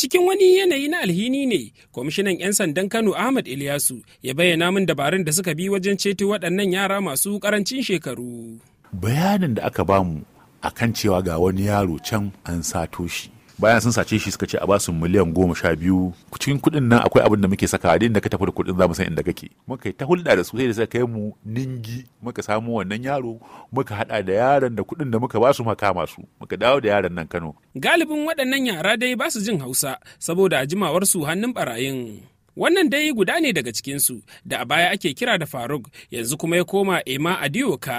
cikin wani yanayi na alhini ne kwamishinan 'yan sandan kano ahmad ilyasu ya bayyana min dabarun da suka bi wajen ceto waɗannan yara masu ƙarancin shekaru bayanin da aka bamu kan cewa ga wani yaro can an sato shi bayan sun sace shi suka ce a ba su miliyan goma sha biyu cikin kuɗin nan akwai abin da muke saka a da ka tafi da kuɗin za mu san inda kake muka yi ta hulɗa da su sai da suka kai mu ningi muka samu wannan yaro muka haɗa da yaron da kuɗin da muka ba su maka masu muka dawo da yaron nan Kano. Galibin waɗannan yara dai ba su jin Hausa saboda jimawar su hannun barayin. Wannan dai guda ne daga cikinsu da a baya ake kira da Faruk yanzu kuma ya koma Ema Adiyoka.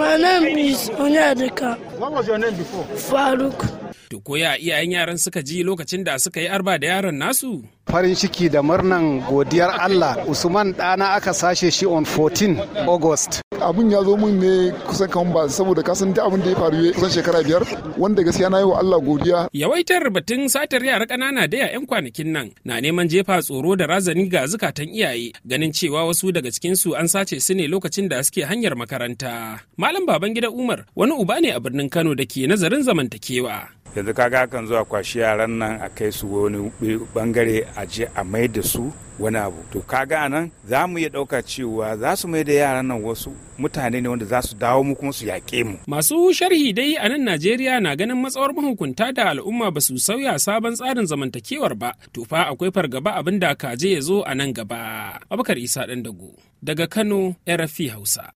My name is Onyadika. What was your name before? Faruk. To koya iyayen yaran suka ji lokacin da suka yi arba da yaron nasu? farin ciki da murnan godiyar Allah Usman ɗana aka sashe shi on 14 August. Abin ya zo mun ne kusan kan ba saboda kasan abin da ya faru kusan shekara biyar wanda gaskiya na yi wa Allah godiya. Yawaitar batun satar yara ƙanana da 'ya'yan kwanakin nan na neman jefa tsoro da razani ga zukatan iyaye ganin cewa wasu daga cikin su an sace su ne lokacin da suke hanyar makaranta. Malam baban Babangida Umar wani uba ne a birnin Kano da ke nazarin zamantakewa. yanzu kaga kan zuwa kwashi yaran nan a kai su wani bangare a je a mai da su wani abu to kaga nan za mu iya ɗauka cewa za su mai da yaran nan wasu mutane ne wanda za su dawo mu kuma su yaƙe mu. Masu sharhi dai a nan Najeriya na ganin matsawar mahukunta da al'umma ba su sauya sabon tsarin zamantakewar ba to fa akwai fargaba abin da kaje ya zo a nan gaba. Abubakar Isa dago daga Kano, RFI Hausa.